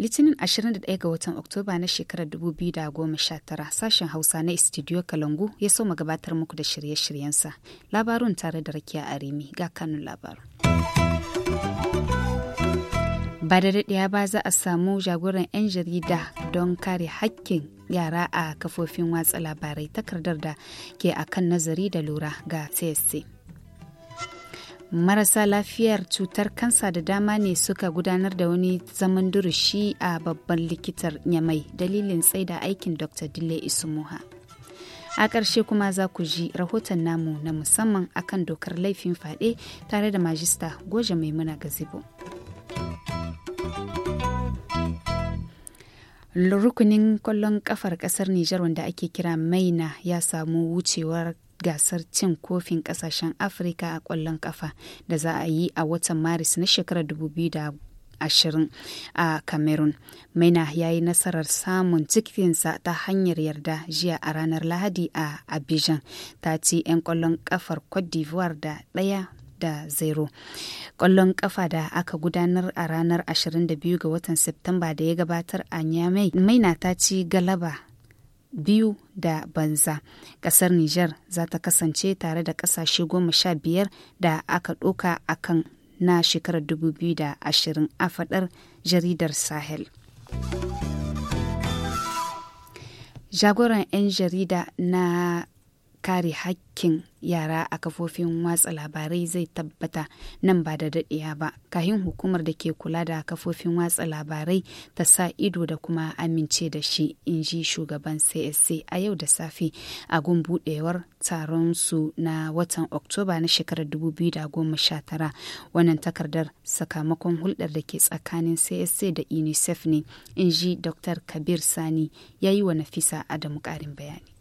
Litinin 21 ga watan Oktoba na shekarar 2019 sashen Hausa na Studio Kalangu ya so gabatar muku da shirye-shiryensa. Labarun tare da Rakiya Arimi ga kanun labarun. ba da daɗiya ba za a samu jagoran 'yan jarida don kare hakkin yara a kafofin watsa labarai takardar da ke akan nazari da lura ga csc marasa lafiyar cutar kansa da dama ne suka gudanar da wani zaman durushi a babban likitar nyamai dalilin tsaida aikin dr dille isumuha a ƙarshe kuma za ku ji rahoton namu na musamman akan dokar laifin fade tare da majista goja maimuna gazebo. rukunin kwallon kafar kasar Nijar wanda ake kira maina ya samu wucewar gasar cin kofin kasashen afirka a kwallon kafa da za a yi a watan maris na shekarar 2020 a cameroon maina ya yi nasarar samun cikinsa ta hanyar yarda jiya a ranar lahadi a abidjan ta ci 'yan kwallon kafar cote d'ivoire da ɗaya da zero ƙwallon ƙafa da aka gudanar a ranar 22 ga watan Septemba da ya gabatar a Niamey maina ta ci galaba biyu da banza ƙasar Nijar za ta kasance tare da ƙasashe goma sha biyar da aka ɗoka a kan na shekarar dubu biyu da ashirin a faɗar jaridar Sahel. Jagoran 'yan jarida na kare hakkin yara a kafofin watsa labarai zai tabbata nan ba da daɗewa ba kahin hukumar da ke kula da kafofin watsa labarai ta sa ido da kuma amince da shi in ji shugaban csc a yau da safe a gun buɗewar taron su na watan oktoba na shekarar 2019 wannan takardar sakamakon hulɗar da ke tsakanin csc da unicef ne in ji dr kabir sani ya yi wa nafisa adamu ƙarin bayani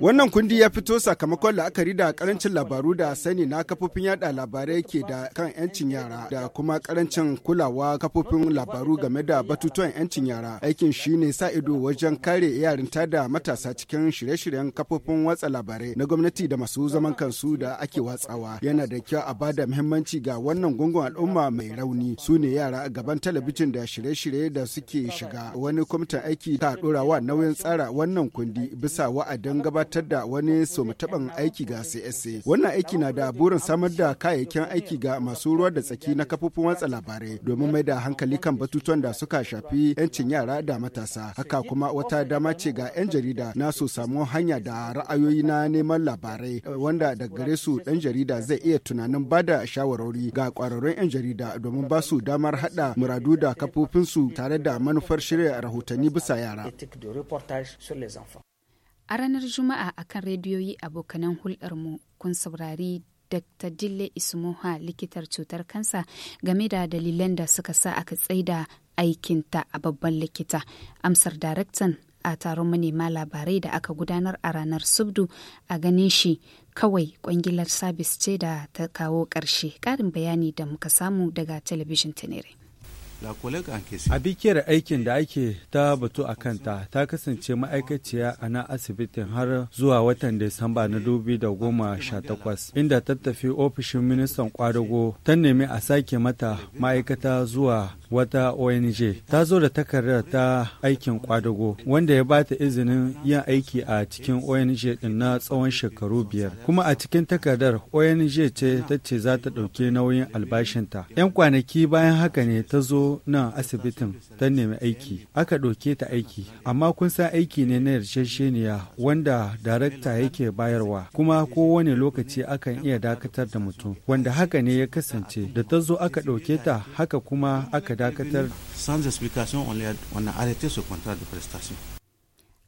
Wannan kundi ya fito sakamakon la'akari da karancin labaru da sani na kafofin yada labarai ke da kan 'yancin yara da kuma karancin kulawa kafofin labaru game da batutuwan 'yancin yara. Aikin shi ne sa ido wajen kare yarinta da matasa cikin shirye-shiryen kafofin watsa labarai na gwamnati da masu zaman kansu da ake watsawa. Yana da kyau a bada muhimmanci ga wannan gungun al'umma mai rauni. Su ne yara a gaban talabijin da shirye-shirye da suke shiga. Wani kwamitin aiki ta ɗora nauyin tsara wannan kundi bisa wa'adin gabatar da wani somataban aiki ga CSA. Wannan aiki na da burin samar da kayayyakin aiki ga masu ruwa da tsaki na kafofin watsa labarai domin mai da hankali kan batutuwan da suka shafi 'yancin yara da matasa. Haka kuma wata dama ce ga 'yan jarida na su samu hanya da ra'ayoyi na neman labarai wanda daga gare su ɗan jarida zai iya tunanin ba da shawarwari ga ƙwararrun 'yan jarida domin ba su damar haɗa muradu da kafofinsu tare da manufar shirya rahotanni bisa yara. les enfants. A ranar Juma'a a kan rediyoyi abokanan hulɗarmu kun saurari Dr. Dille ismoha likitar cutar kansa game da dalilan da suka sa aka tsaida aikinta a babban likita. Amsar daraktan a taron manema labarai da aka gudanar a ranar Subdu a ganin shi kawai kwangilar sabis ce da ta kawo ƙarshe. Ƙarin bayani da muka samu daga talabijin Tenere. A bikiyar aikin da ake ta batu a kanta ta kasance ma'aikaciya a nan asibitin har zuwa watan Disamba na da goma sha takwas, inda ta tafi ofishin ministan kwadago ta nemi a sake mata ma'aikata zuwa wata ONG ta zo da takardar ta aikin kwadago wanda ya bata izinin yin aiki a cikin ONG din na tsawon shekaru biyar. Kuma a cikin takardar ONG ce ta ce za ta ɗauki nauyin albashinta. 'Yan kwanaki bayan haka ne ta zo nan asibitin ta nemi aiki. Aka ɗauke ta aiki, amma kun san aiki ne na yarjejeniya wanda darakta yake bayarwa, kuma kowane lokaci akan iya dakatar da mutum, wanda haka ne ya kasance da ta zo aka ɗauke ta haka kuma aka dakatar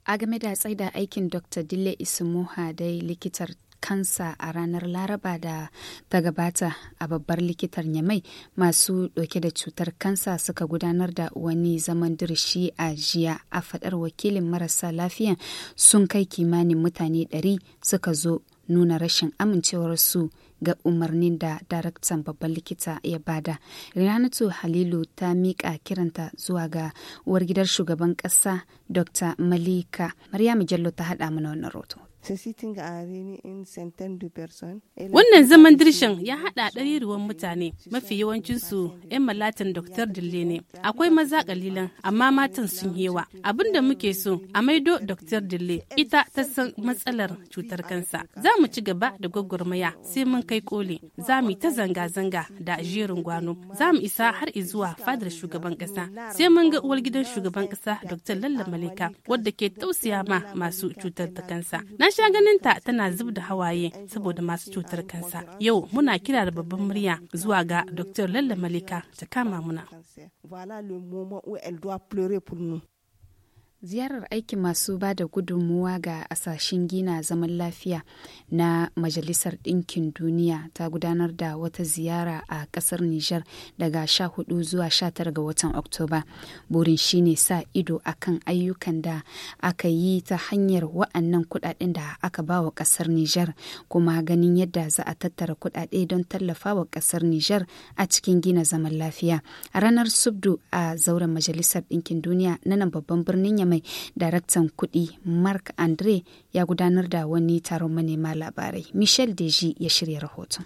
a game da tsaida aikin dr dille ismuha dai likitar kansa a ranar laraba da ta gabata a babbar likitar nyamai masu ɗauke da cutar kansa suka gudanar da wani zaman dirshi a jiya a fadar wakilin marasa lafiyan sun kai kimanin mutane 100 suka zo nuna rashin amincewarsu ga umarnin da daraktan babban likita ya bada rinanatu halilu ta miƙa kiranta zuwa ga uwar gidar shugaban ƙasa dr malika maryamu jallo ta haɗa mana wannan rahoton. Eh, Wannan zaman dirshin ya haɗa ɗariruwan mutane mafi yawancinsu 'yan malatin Dr. Dille ne. Akwai maza ƙalilan amma matan sun yawa. Abin da muke so a maido Dr. Dille ita ta san matsalar cutar kansa. Za mu ci gaba da gwagwarmaya sai mun kai koli. Za mu ta zanga-zanga da jerin gwano. Za mu isa har zuwa fadar shugaban ƙasa. Sai mun ga uwar gidan shugaban ƙasa Dr. Lalla Malika wadda ke tausaya ma masu cutar ta kansa. sha ganin ta tana zub da hawaye saboda masu cutar kansa yau muna kira da babban murya zuwa ga dr lalla malika ta kama muna Ziyarar aikin masu ba da gudunmuwa ga asashen gina zaman lafiya na Majalisar Ɗinkin Duniya ta gudanar da wata ziyara a ƙasar Nijar daga 14 zuwa 19 ga watan Oktoba. Burin shine sa ido akan ayyukan da aka yi ta hanyar wa'annan kuɗaɗen da aka ba wa ƙasar Nijar, kuma ganin yadda za a tattara kuɗaɗe don tallafa wa ƙasar Nijar a cikin gina zaman lafiya. A ranar Subdu a zauren Majalisar Ɗinkin Duniya na nan babban birnin mai daraktan kuɗi mark andre ya gudanar da wani taron manema labarai michel deji ya shirya rahoton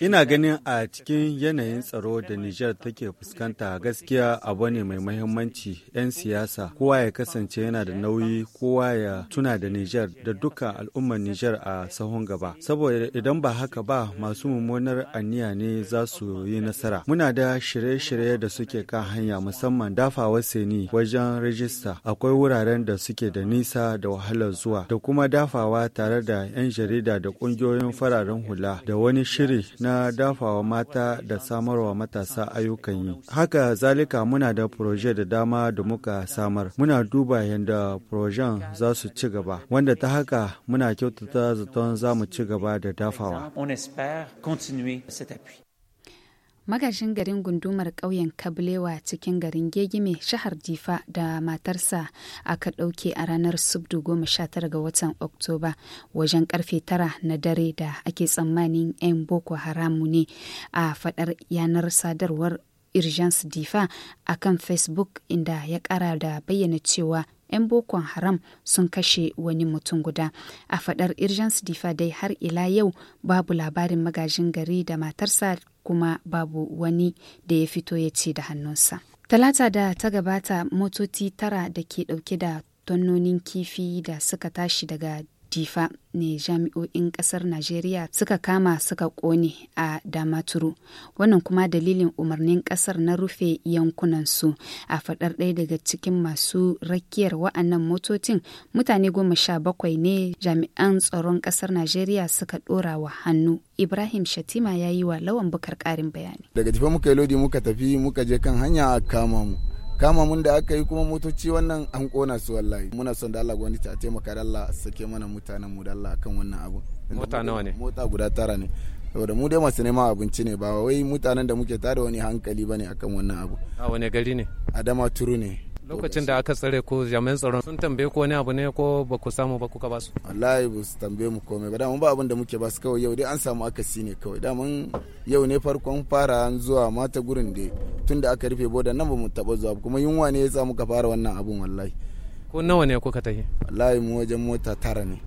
Ina ganin a cikin yanayin tsaro da Nijar take fuskanta gaskiya abu ne mai mahimmanci 'yan siyasa kowa ya kasance yana da nauyi kowa ya tuna da Nijar da duka al'ummar Nijar a sahun gaba. Saboda idan ba haka ba masu mummunar aniya ne za su yi nasara. Muna da shirye-shirye da suke kan hanya musamman dafawa seni wajen rajista akwai wuraren da suke da nisa da wahalar zuwa da kuma dafawa tare da 'yan jarida da ƙungiyoyin fararen hula da wani shiri na dafawa mata da samarwa matasa ayyukan yi. Haka zalika muna da proje da dama da muka samar. Muna duba yadda projen za su ci gaba, wanda ta haka muna kyautata zaton za mu ci gaba da dafawa. magajin garin gundumar ƙauyen kablewa cikin garin gegime shahar difa da matarsa aka ɗauke a ranar subdu goma sha tara ga watan oktoba wajen karfe tara na dare da ake tsammanin 'yan boko haramu ne a fadar yanar sadarwar urgence difa a kan facebook inda ya ƙara da bayyana cewa 'yan boko haram sun kashe wani mutum guda a fadar irjans difa dai har ila yau babu labarin magajin gari da matarsa kuma babu wani da ya fito ya ce da hannunsa. Talata da ta gabata motoci tara da ke dauke da tonnonin kifi da suka tashi daga difa ne jami'o'in kasar najeriya suka kama suka kone a damaturu wannan kuma dalilin umarnin kasar na rufe yankunansu a fadar ɗaya daga cikin masu rakiyar wa'annan motocin mutane goma sha bakwai ne jami'an tsaron kasar najeriya suka ɗora wa hannu ibrahim shatima ya yi wa lawan bukar ƙarin bayani daga tafi muka yi lodi muka tafi muka je kan hanya a kama mu kama mun da aka yi kuma motoci wannan an kona su wallahi muna son da Allah gwani a taimaka da Allah sake mana mutanen mu da Allah akan wannan abu mota nawa ne mota guda tara ne saboda mu dai masu neman abinci ne ba wai mutanen da muke tare wani hankali bane akan wannan abu a wani gari ne adama turu ne lokacin da aka tsare ko jami'an tsaron sun tambaye ko wani abu ne ko ba ku samu ba kuka ba su wallahi ba su tambaye mu komai ba da ba abin da muke ba su kawai yau dai an samu akasi ne kawai da mun yau ne farkon fara an zuwa mata gurin da tunda aka rufe boda nan ba mu taba zuwa kuma yunwa ne ya sa muka fara wannan abun wallahi ko nawa ne kuka tafi wallahi mu wajen mota tara ne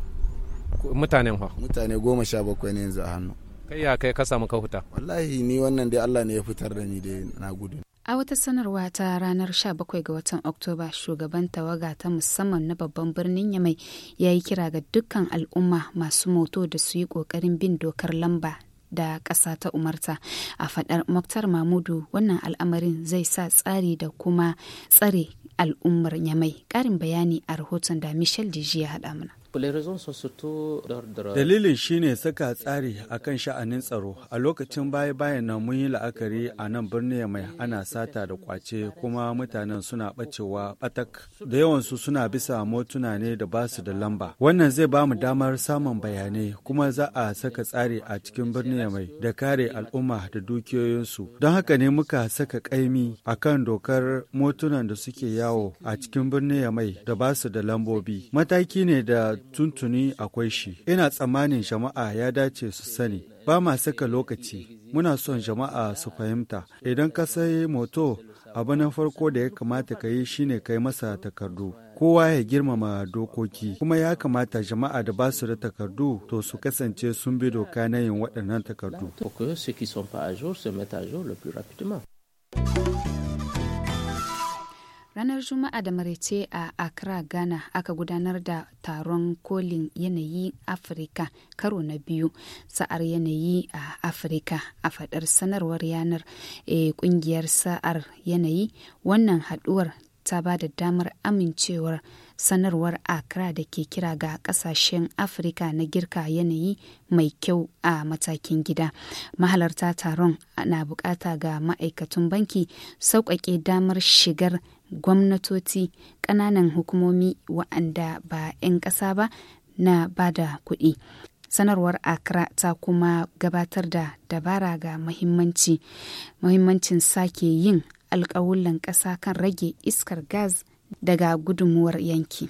mutanen fa mutane goma sha bakwai ne yanzu a hannu kai ya kai ka samu ka huta wallahi ni wannan dai Allah ne ya fitar da ni dai na gudu A wata sanarwa ta ranar 17 ga watan Oktoba, shugaban tawaga ta musamman na babban birnin Yamai ya yi kira ga dukkan al'umma masu moto da su yi ƙoƙarin bin dokar lamba da ƙasa ta umarta. A faɗar maktar Mamudu, wannan al'amarin zai sa tsari da kuma tsare al'ummar Yamai. Ƙarin bayani a rahoton da Michel Diji ya haɗa mana. Dalilin shi ne saka tsari a kan sha'anin tsaro. A lokacin baya-bayan nan mun yi la'akari a nan birni mai ana sata da kwace kuma mutanen suna bacewa batak. Da yawansu suna bisa motuna ne da ba su da lamba. Wannan zai ba mu damar samun bayanai kuma za a saka tsari a cikin birni mai da kare al'umma da dukiyoyinsu. Don haka ne muka saka kaimi a kan dokar motunan da suke yawo a cikin birni mai da ba su da lambobi. Mataki ne da tuntuni akwai shi. Ina tsammanin jama'a ya dace su sani. Ba ma saka lokaci, muna son jama'a su fahimta. Idan ka sai moto, abu na farko da ya kamata ka yi shine kai masa takardu. Kowa ya girmama dokoki, kuma ya kamata jama'a da ba su da takardu to su kasance sun bi doka na yin waɗannan takardu. ranar juma'a da maraice a accra ghana aka gudanar da taron kolin yanayi afirka karo na biyu sa'ar yanayi a afirka a fadar sanarwar yanar kungiyar eh, sa'ar yanayi wannan haduwar ta ba da damar amincewar sanarwar accra da ke kira ga kasashen afirka na girka yanayi mai kyau a matakin gida mahalarta taron na bukata ga ma'aikatan banki sauƙaƙe damar shigar gwamnatoci ƙananan hukumomi wa'anda ba 'yan ƙasa ba na ba da kuɗi sanarwar accra ta kuma gabatar da dabara ga mahimmanci mahimmancin sake yin alkawulan ƙasa kan rage iskar gas daga gudunmuwar yanki.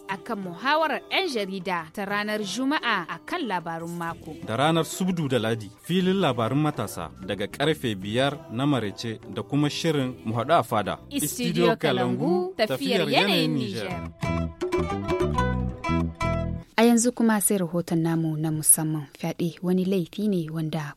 akan muhawarar 'yan jarida ta ranar Juma'a a kan labarun mako. Da ranar Subdu da Ladi filin labarun matasa daga karfe biyar na marece da kuma shirin muhaɗu a fada. Istidiyo Kalangu tafiyar yanayin Nijar. A yanzu kuma sai rahoton namu na musamman fyaɗe wani laifi ne wanda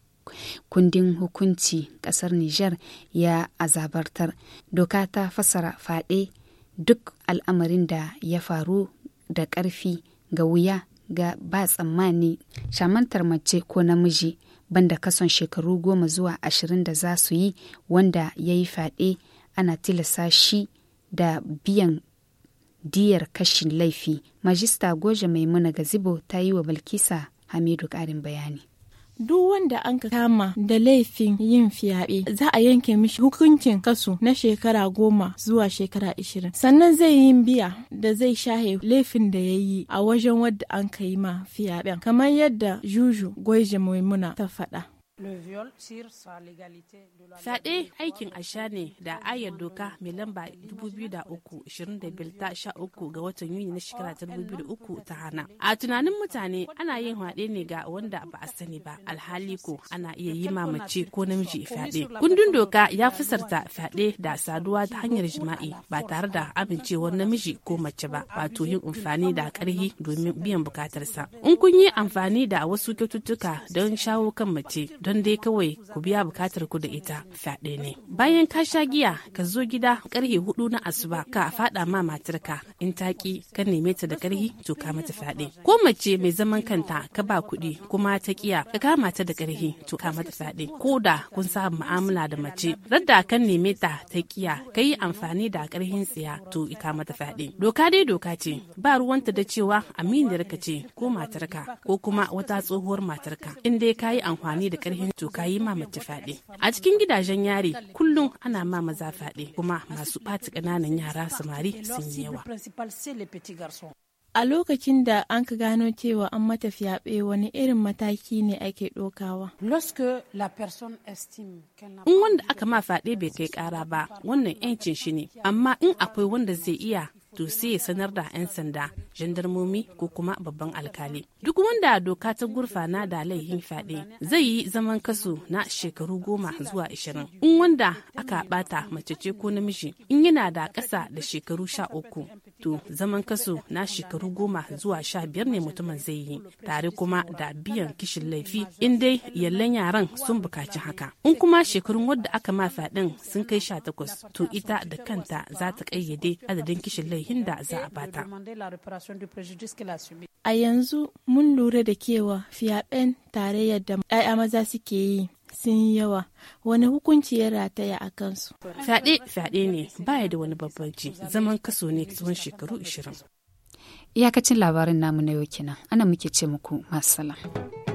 kundin hukunci ƙasar Nijar ya azabartar. Doka ta fasara faɗe duk al'amarin da ya faru da ƙarfi ga wuya ga ba tsammani shamantar mace ko namiji banda kason shekaru goma zuwa ashirin da za su yi wanda ya yi fyaɗe ana tilasa shi da biyan diyar kashin laifi majista goja maimuna gazibo ta yi wa balkisa hamidu ƙarin bayani duk wanda an ka kama da laifin yin fiyaɓe, za a yanke mishi hukuncin kasu na shekara goma zuwa shekara ishirin sannan zai yi biya da zai shahe laifin da ya yi a wajen wadda an ka yi ma fyaɗen kamar yadda juju gwaije maimuna ta faɗa Fyaɗe aikin asha ne da ayar doka mai lamba 2023 ta 13 ga watan Yuni na shekara ta 2003 ta hana. A tunanin mutane ana yin fyaɗe ne ga wanda ba a sani ba alhali ko ana iya yi mamace ko namiji fyaɗe. Kundin doka ya fusarta fyaɗe da saduwa ta hanyar jima'i ba tare da amincewar namiji ko mace ba wato yin amfani da karhi domin biyan bukatarsa. In kun yi amfani da wasu kyaututtuka don shawo kan mace don dai kawai ku biya bukatar ku da ita fyaɗe ne bayan ka sha giya ka zo gida karhe hudu na asuba ka faɗa ma matarka in taƙi ka neme ta da karhi to ka mata fyaɗe ko mace mai zaman kanta ka ba kuɗi kuma ta kiya ka kama ta da karhi to ka mata fyaɗe ko da kun sa mu'amala da mace radda kan neme ta ta kiya ka yi amfani da karhin tsiya to ka mata fyaɗe doka dai doka ce ba ruwanta da cewa aminiyarka ce ko matarka ko kuma wata tsohuwar matarka in dai ka yi amfani da karhi karhin toka yi ma mace fyaɗe a cikin gidajen yari kullum ana ma maza fyaɗe kuma masu ɓata ƙananan yara samari sun yi yawa a lokacin da an ka gano cewa an mata fyaɓe wani irin mataki ne ake ɗokawa. In wanda aka ma fyaɗe bai kai ƙara ba, wannan 'yancin shi ne, amma in akwai wanda zai iya to sai ya sanar da 'yan sanda jandarmomi ko kuma babban alkali duk wanda doka ta gurfana da laihin fyaɗe zai yi zaman kaso na shekaru goma zuwa ashirin in wanda aka bata mace ce ko namiji in yana da ƙasa da shekaru sha uku to zaman kaso na shekaru goma zuwa sha biyar ne mutumin zai yi tare kuma da biyan kishin laifi in dai yallan yaran sun bukaci haka in kuma shekarun wadda aka ma fadin sun kai sha takwas to ita da kanta za ta kayyade adadin kishin laifin da za a bata a yanzu mun lura da kewa fiyaben tare yadda 'ya'ya maza suke yi sun yi yawa wani hukunci ya rataya a kansu. Fyaɗe fyaɗe ne baya da wani babbanci zaman kaso ne tsawon shekaru 20. Iyakacin labarin namu na yau kenan ana muke ce muku masu